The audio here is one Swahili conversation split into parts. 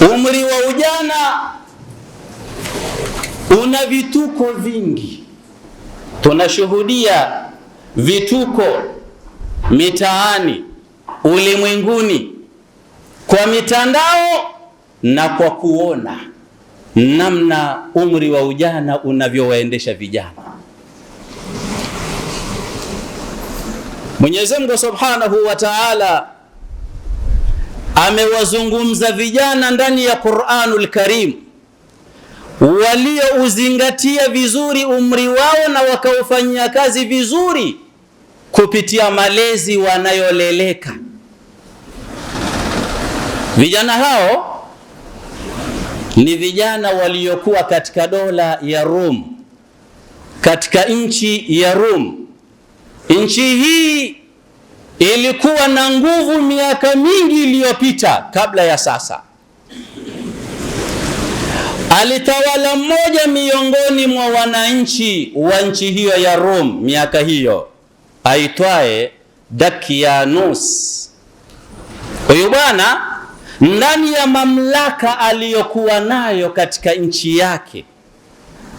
Umri wa ujana una vituko vingi, tunashuhudia vituko mitaani, ulimwenguni, kwa mitandao na kwa kuona namna umri wa ujana unavyowaendesha vijana. Mwenyezi Mungu Subhanahu wa Ta'ala amewazungumza vijana ndani ya Qur'anul Karim waliouzingatia vizuri umri wao na wakaufanyia kazi vizuri kupitia malezi wanayoleleka. Vijana hao ni vijana waliokuwa katika dola ya Rum, katika nchi ya Rum. Nchi hii ilikuwa na nguvu miaka mingi iliyopita kabla ya sasa. Alitawala mmoja miongoni mwa wananchi wa nchi hiyo ya rom miaka hiyo aitwaye Dakianus. Huyu bwana ndani ya mamlaka aliyokuwa nayo katika nchi yake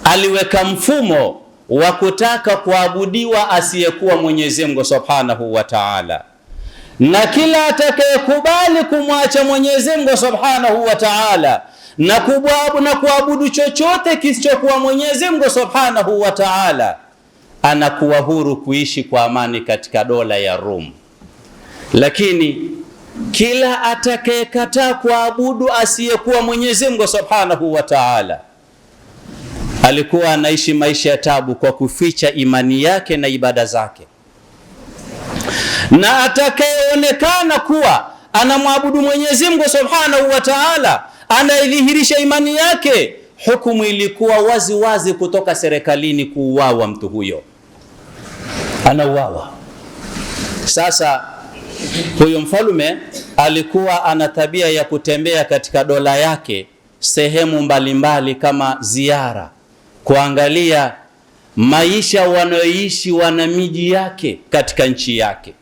aliweka mfumo wa kutaka kuabudiwa asiyekuwa Mwenyezi Mungu Subhanahu wa Ta'ala, na kila atakayekubali kumwacha Mwenyezi Mungu Subhanahu wa Ta'ala na kuabudu na kuabudu chochote kisichokuwa Mwenyezi Mungu Subhanahu wa Ta'ala anakuwa huru kuishi kwa amani katika dola ya Rum, lakini kila atakayekataa kuabudu asiyekuwa Mwenyezi Mungu Subhanahu wa Ta'ala alikuwa anaishi maisha ya tabu kwa kuficha imani yake na ibada zake, na atakayeonekana kuwa anamwabudu Mwenyezi Mungu Subhanahu wa Ta'ala, anaidhihirisha imani yake, hukumu ilikuwa wazi wazi kutoka serikalini, kuuawa. Mtu huyo anauawa. Sasa huyo mfalume alikuwa ana tabia ya kutembea katika dola yake sehemu mbalimbali mbali kama ziara kuangalia maisha wanayoishi wana miji yake katika nchi yake.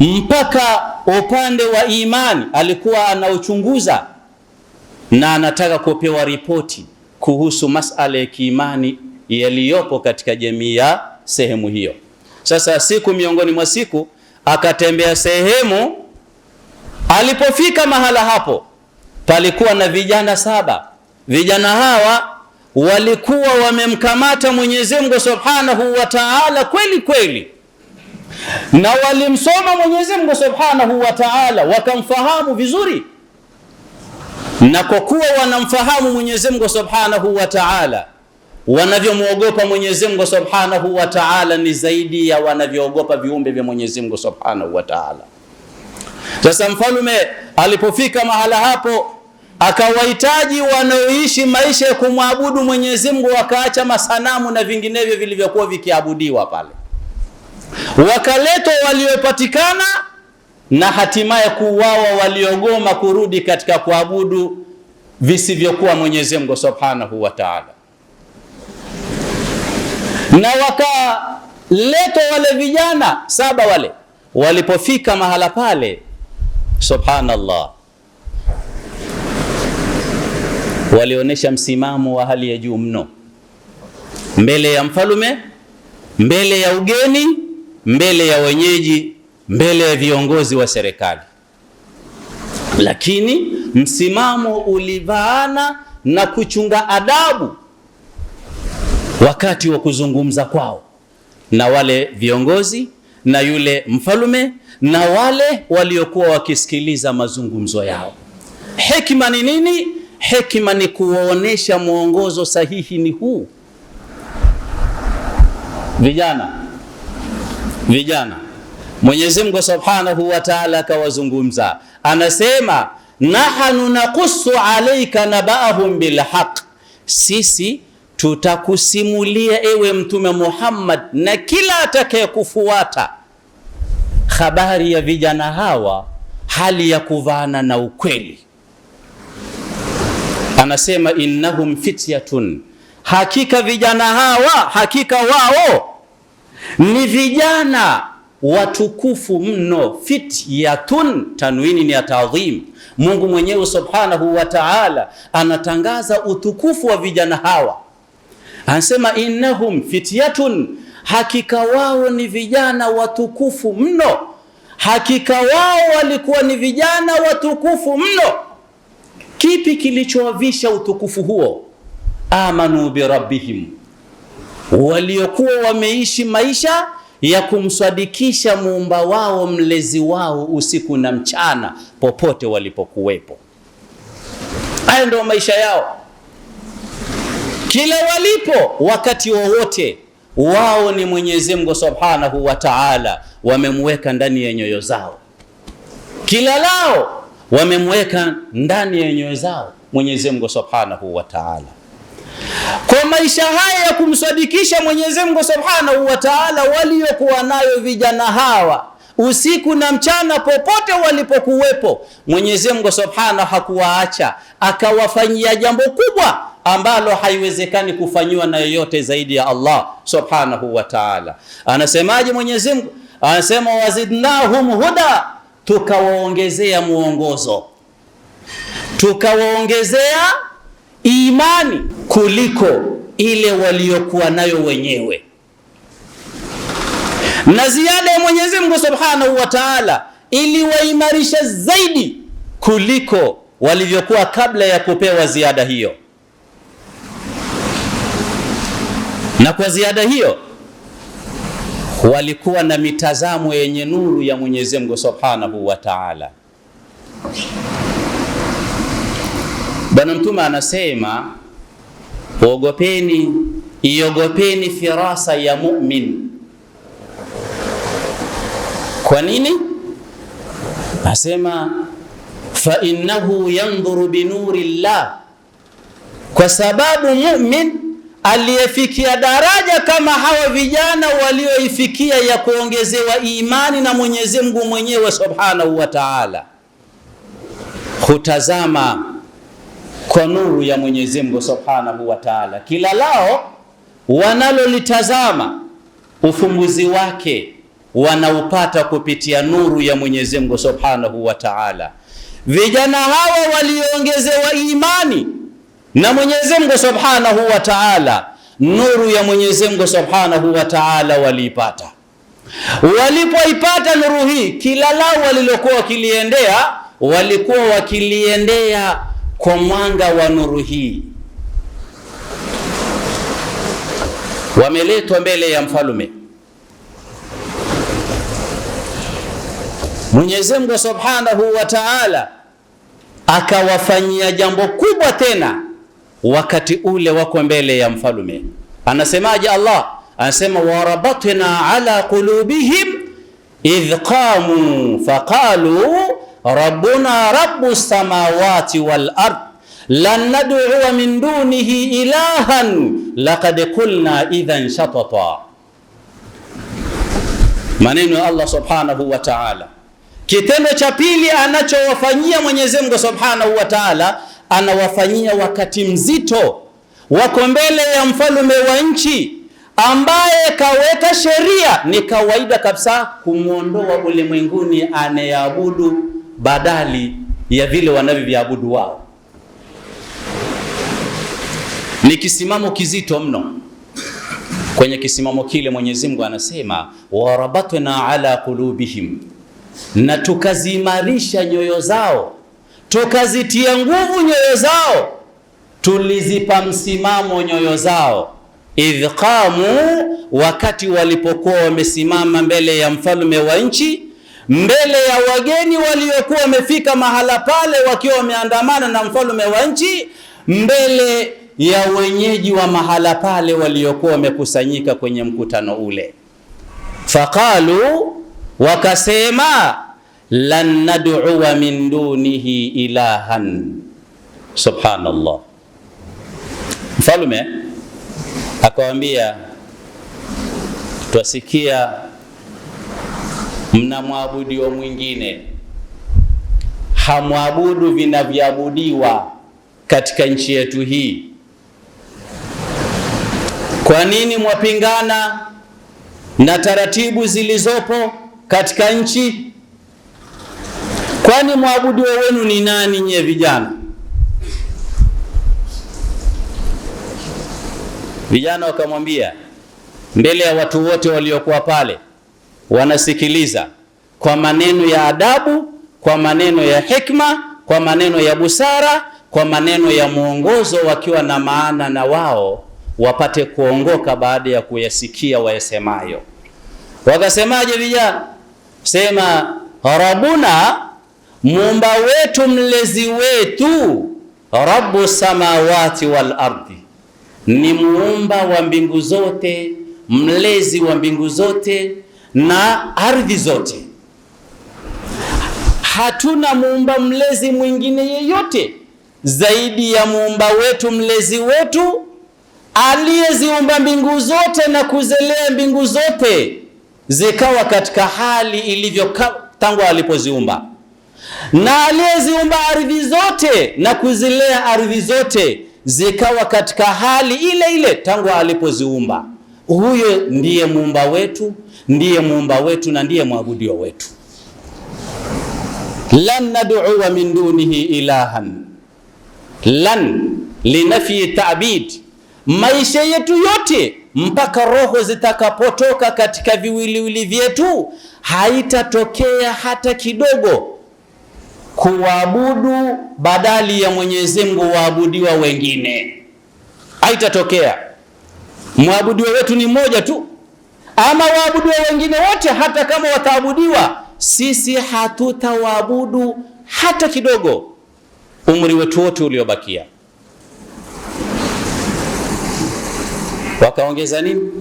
Mpaka upande wa imani alikuwa anauchunguza na anataka kupewa ripoti kuhusu masala ya kiimani yaliyopo katika jamii ya sehemu hiyo. Sasa siku miongoni mwa siku akatembea sehemu, alipofika mahala hapo palikuwa na vijana saba. Vijana hawa walikuwa wamemkamata Mwenyezi Mungu Subhanahu wa Ta'ala kweli kweli, na walimsoma Mwenyezi Mungu Subhanahu wa Ta'ala wakamfahamu vizuri, na kwa kuwa wanamfahamu Mwenyezi Mungu Subhanahu wa Ta'ala, wanavyomwogopa Mwenyezi Mungu Subhanahu wa Ta'ala ni zaidi ya wanavyoogopa viumbe vya Mwenyezi Mungu Subhanahu wa Ta'ala. Sasa mfalme alipofika mahala hapo akawahitaji wanaoishi maisha ya kumwabudu Mwenyezi Mungu, wakaacha masanamu na vinginevyo vilivyokuwa vikiabudiwa pale, wakaletwa waliopatikana, na hatimaye kuuawa waliogoma kurudi katika kuabudu visivyokuwa Mwenyezi Mungu Subhanahu wa Ta'ala, na wakaletwa wale vijana saba wale, walipofika mahala pale, subhanallah walionyesha msimamo wa hali ya juu mno mbele ya mfalume, mbele ya ugeni, mbele ya wenyeji, mbele ya viongozi wa serikali, lakini msimamo ulivaana na kuchunga adabu wakati wa kuzungumza kwao na wale viongozi na yule mfalume na wale waliokuwa wakisikiliza mazungumzo yao. Hekima ni nini? Hekima ni kuwaonesha mwongozo sahihi ni huu. Vijana, vijana, Mwenyezi Mungu Subhanahu wa Ta'ala akawazungumza, anasema nahnu nakusu alaika nabaahum bilhaq, sisi tutakusimulia ewe Mtume Muhammad na kila atakayekufuata habari ya vijana hawa, hali ya kuvaana na ukweli Anasema innahum fityatun, hakika vijana hawa, hakika wao ni vijana watukufu mno. Fityatun, tanwini ni ya taadhim. Mungu mwenyewe subhanahu wa ta'ala anatangaza utukufu wa vijana hawa, anasema innahum fityatun, hakika wao ni vijana watukufu mno, hakika wao walikuwa ni vijana watukufu mno Kipi kilichowavisha utukufu huo? Amanu birabbihim, waliokuwa wameishi maisha ya kumswadikisha muumba wao mlezi wao usiku na mchana popote walipokuwepo. haya ndio maisha yao, kila walipo, wakati wowote wao ni Mwenyezi Mungu Subhanahu wa Ta'ala, wamemweka ndani ya nyoyo zao, kila lao wamemweka ndani ya nyoyo zao Mwenyezi Mungu Subhanahu wa Ta'ala. Kwa maisha haya ya kumsadikisha Mwenyezi Mungu Subhanahu wa Ta'ala waliokuwa nayo vijana hawa usiku na mchana, popote walipokuwepo, Mwenyezi Mungu Subhanahu hakuwaacha, akawafanyia jambo kubwa ambalo haiwezekani kufanyiwa na yoyote zaidi ya Allah Subhanahu wa Ta'ala. Anasemaje Mwenyezi Mungu? Anasema wazidnahum huda tukawaongezea mwongozo, tukawaongezea imani kuliko ile waliokuwa nayo wenyewe. Na ziada ya Mwenyezi Mungu Subhanahu wa Ta'ala iliwaimarisha zaidi kuliko walivyokuwa kabla ya kupewa ziada hiyo, na kwa ziada hiyo walikuwa na mitazamo yenye nuru ya Mwenyezi Mungu Subhanahu wa Ta'ala. Bwana Mtume anasema ogopeni, iogopeni firasa ya mumin. Kwa nini? Asema fa innahu yandhuru binuri llah, kwa sababu mumin aliyefikia daraja kama hawa vijana walioifikia ya kuongezewa imani na Mwenyezi Mungu mwenyewe Subhanahu wa Ta'ala, hutazama kwa nuru ya Mwenyezi Mungu Subhanahu wa Ta'ala. Kila lao wanalolitazama ufumbuzi wake wanaupata kupitia nuru ya Mwenyezi Mungu Subhanahu wa Ta'ala. Vijana hawa walioongezewa imani na Mwenyezi Mungu Subhanahu wa Ta'ala, nuru ya Mwenyezi Mungu Subhanahu wa Ta'ala waliipata. Walipoipata nuru hii, kila lao walilokuwa wakiliendea walikuwa wakiliendea kwa mwanga wa nuru hii. Wameletwa mbele ya mfalume Mwenyezi Mungu Subhanahu wa Ta'ala akawafanyia jambo kubwa tena wakati ule wako mbele ya mfalume. Anasemaje Allah? Anasema warabatna ala qulubihim idh qamu faqalu rabbuna rabbu samawati wal ard lan nad'u min dunihi ilahan laqad qulna idhan shatata. Maneno ya Allah subhanahu wa ta'ala. Kitendo cha pili anachowafanyia Mwenyezi Mungu subhanahu wa ta'ala anawafanyia wakati mzito, wako mbele ya mfalme wa nchi ambaye kaweka sheria. Ni kawaida kabisa kumwondoa ulimwenguni anayeabudu badali ya vile wanavyoviabudu wao. Ni kisimamo kizito mno. Kwenye kisimamo kile Mwenyezi Mungu anasema warabatna ala qulubihim, na tukaziimarisha nyoyo zao tukazitia nguvu nyoyo zao, tulizipa msimamo nyoyo zao idh qamu, wakati walipokuwa wamesimama mbele ya mfalme wa nchi, mbele ya wageni waliokuwa wamefika mahala pale, wakiwa wameandamana na mfalme wa nchi, mbele ya wenyeji wa mahala pale waliokuwa wamekusanyika kwenye mkutano ule. Faqalu, wakasema lan nad'uwa min dunihi ilahan. Subhanallah. Mfalme akawambia, twasikia mna mwabudio mwingine, hamwabudu vinavyoabudiwa katika nchi yetu hii. Kwa nini mwapingana na taratibu zilizopo katika nchi Kwani mwabudu wenu ni nani nye vijana? Vijana wakamwambia mbele ya watu wote waliokuwa pale wanasikiliza, kwa maneno ya adabu, kwa maneno ya hikma, kwa maneno ya busara, kwa maneno ya mwongozo, wakiwa na maana na wao wapate kuongoka baada ya kuyasikia wayasemayo. Wakasemaje vijana? Sema rabuna muumba wetu mlezi wetu Rabbu samawati wal ardi, ni muumba wa mbingu zote, mlezi wa mbingu zote na ardhi zote. Hatuna muumba mlezi mwingine yeyote zaidi ya muumba wetu mlezi wetu aliyeziumba mbingu zote na kuzelea mbingu zote zikawa katika hali ilivyo tangu alipoziumba na aliyeziumba ardhi zote na kuzilea ardhi zote zikawa katika hali ile ile tangu alipoziumba. Huyo ndiye muumba wetu, ndiye muumba wetu na ndiye mwabudio wetu. Lan nad'uwa min dunihi ilahan. Lan linafi ta'bid, maisha yetu yote mpaka roho zitakapotoka katika viwiliwili vyetu haitatokea hata kidogo kuabudu badali ya Mwenyezi Mungu waabudiwa wengine, haitatokea. Mwabudiwa wetu ni mmoja tu, ama waabudiwa wengine wote, hata kama wataabudiwa, sisi hatutawaabudu hata kidogo, umri wetu wote uliobakia. Wakaongeza nini?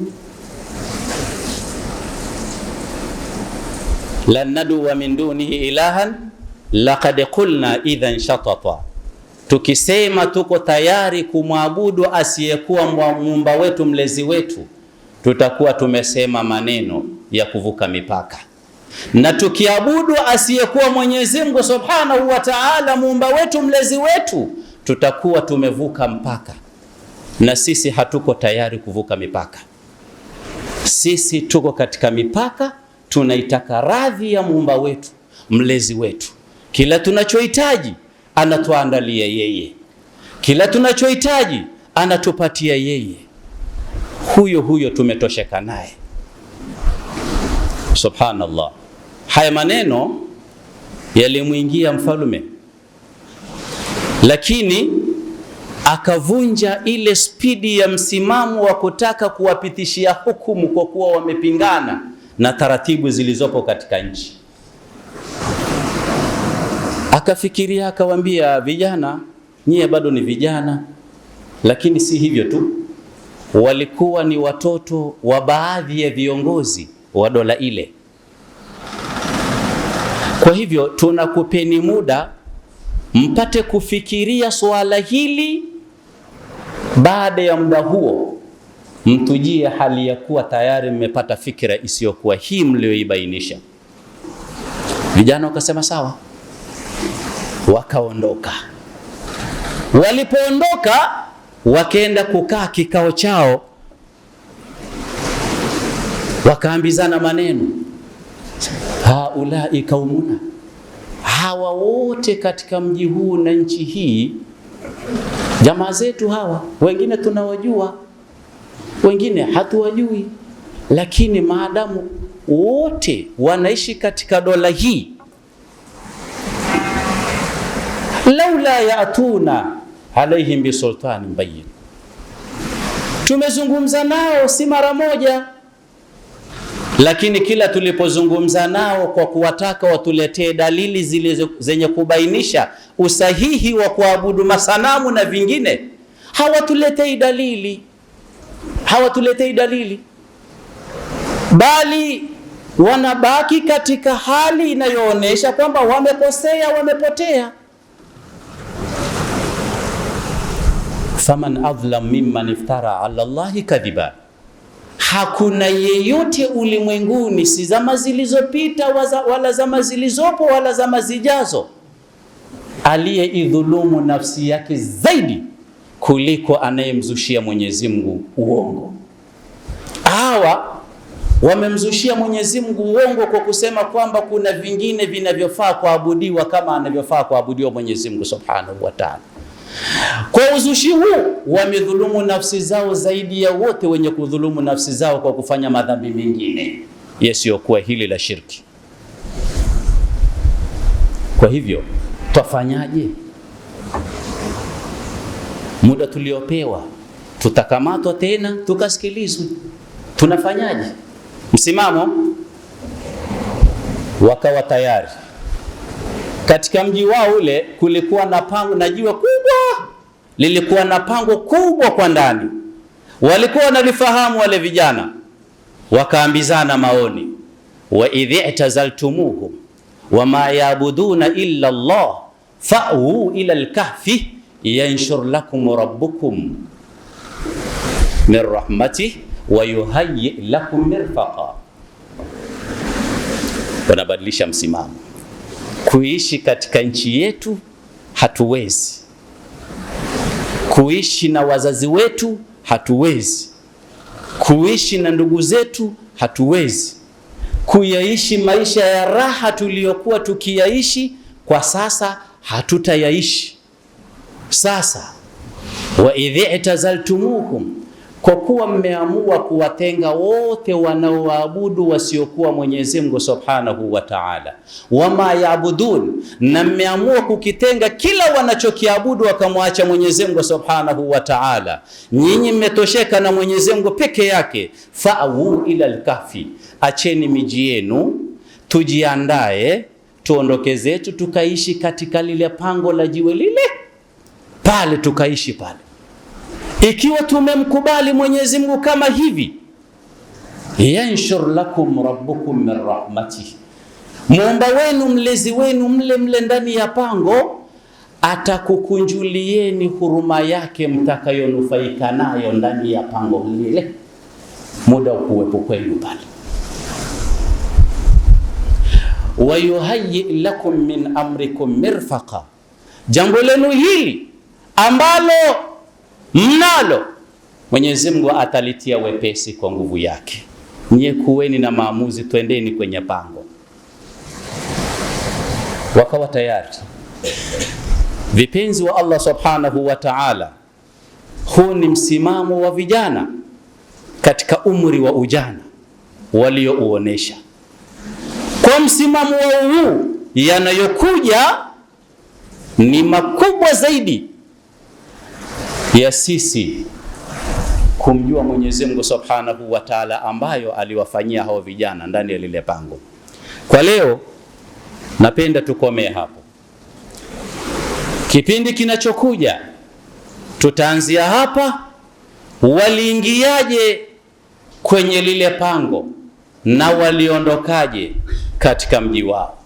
lan wa min dunihi ilahan laqad qulna idhan shatata, tukisema tuko tayari kumwabudu asiyekuwa muumba wetu mlezi wetu, tutakuwa tumesema maneno ya kuvuka mipaka. Na tukiabudu asiyekuwa Mwenyezi Mungu Subhanahu wa Ta'ala, muumba wetu mlezi wetu, tutakuwa tumevuka mpaka, na sisi hatuko tayari kuvuka mipaka. Sisi tuko katika mipaka, tunaitaka radhi ya muumba wetu mlezi wetu kila tunachohitaji anatuandalia yeye, kila tunachohitaji anatupatia yeye. Huyo huyo tumetosheka naye, subhanallah. Haya maneno yalimwingia mfalume, lakini akavunja ile spidi ya msimamo wa kutaka kuwapitishia hukumu kwa kuwa wamepingana na taratibu zilizopo katika nchi. Akafikiria akawambia, vijana nyie bado ni vijana. Lakini si hivyo tu, walikuwa ni watoto wa baadhi ya viongozi wa dola ile. Kwa hivyo tunakupeni muda mpate kufikiria suala hili. Baada ya muda huo, mtujie hali ya kuwa tayari mmepata fikra isiyokuwa hii mlioibainisha. Vijana wakasema sawa wakaondoka. Walipoondoka wakaenda kukaa kikao chao, wakaambizana maneno, haulai kaumuna, hawa wote katika mji huu na nchi hii jamaa zetu hawa, wengine tunawajua, wengine hatuwajui, lakini maadamu wote wanaishi katika dola hii laula yatuna alaihim bisultani mbayin. Tumezungumza nao si mara moja, lakini kila tulipozungumza nao kwa kuwataka watuletee dalili zile zenye kubainisha usahihi wa kuabudu masanamu na vingine, hawatuletei dalili, hawatuletei dalili, bali wanabaki katika hali inayoonyesha kwamba wamekosea, wamepotea. faman adlam mimman iftara ala llahi kadhiba, hakuna yeyote ulimwenguni, si zama zilizopita wala zama zilizopo wala zama zijazo, aliye idhulumu nafsi yake zaidi kuliko anayemzushia Mwenyezi Mungu uongo. Hawa wamemzushia Mwenyezi Mungu uongo kwa kusema kwamba kuna vingine vinavyofaa kuabudiwa kama anavyofaa kuabudiwa Mwenyezi Mungu Subhanahu wa Ta'ala. Kwa uzushi huu wamedhulumu nafsi zao zaidi ya wote wenye kudhulumu nafsi zao kwa kufanya madhambi mengine yasiyokuwa hili la shirki. Kwa hivyo twafanyaje? Muda tuliopewa tutakamatwa tena tukasikilizwe, tunafanyaje? Msimamo wakawa tayari katika mji wao ule kulikuwa na pango, najua lilikuwa na pango kubwa kwa ndani, walikuwa wanalifahamu wale vijana, wakaambizana maoni, wa idh i'tazaltumuhum wama yabuduna illa Allah fa'u ila al yanshur lakum rabbukum min rahmati wa yuhayyi lakum mirfaqa. Wanabadilisha msimamo. Kuishi katika nchi yetu hatuwezi Kuishi na wazazi wetu hatuwezi, kuishi na ndugu zetu hatuwezi, kuyaishi maisha ya raha tuliyokuwa tukiyaishi kwa sasa hatutayaishi. Sasa wa idh i'tazaltumuhum kwa kuwa mmeamua kuwatenga wote wanaoabudu wasiokuwa Mwenyezi Mungu Subhanahu wa Ta'ala, wama yaabudun, na mmeamua kukitenga kila wanachokiabudu wakamwacha Mwenyezi Mungu Subhanahu wa Ta'ala. Nyinyi mmetosheka na Mwenyezi Mungu peke yake. Fa'u ila al-kahfi, acheni miji yenu, tujiandae tuondoke zetu, tukaishi katika lile pango la jiwe lile pale, tukaishi pale ikiwa tumemkubali Mwenyezi Mungu kama hivi, yanshur lakum rabbukum min rahmati, muumba wenu mlezi wenu mle mle ndani ya pango atakukunjulieni huruma yake mtakayonufaika nayo ndani ya pango lile muda ukuwepo kwenu pale. Wayuhayi lakum min amrikum mirfaqa, jambo lenu hili ambalo mnalo, Mwenyezi Mungu atalitia wepesi kwa nguvu yake. Nyie kuweni na maamuzi, twendeni kwenye pango. Wakawa tayari vipenzi wa Allah subhanahu wa ta'ala. Huu ni msimamo wa vijana katika umri wa ujana waliouonesha. Kwa msimamo wao huu, yanayokuja ni makubwa zaidi ya sisi kumjua Mwenyezi Mungu Subhanahu wa Ta'ala, ambayo aliwafanyia hao vijana ndani ya lile pango. Kwa leo napenda tukomee hapo. Kipindi kinachokuja tutaanzia hapa, waliingiaje kwenye lile pango na waliondokaje katika mji wao.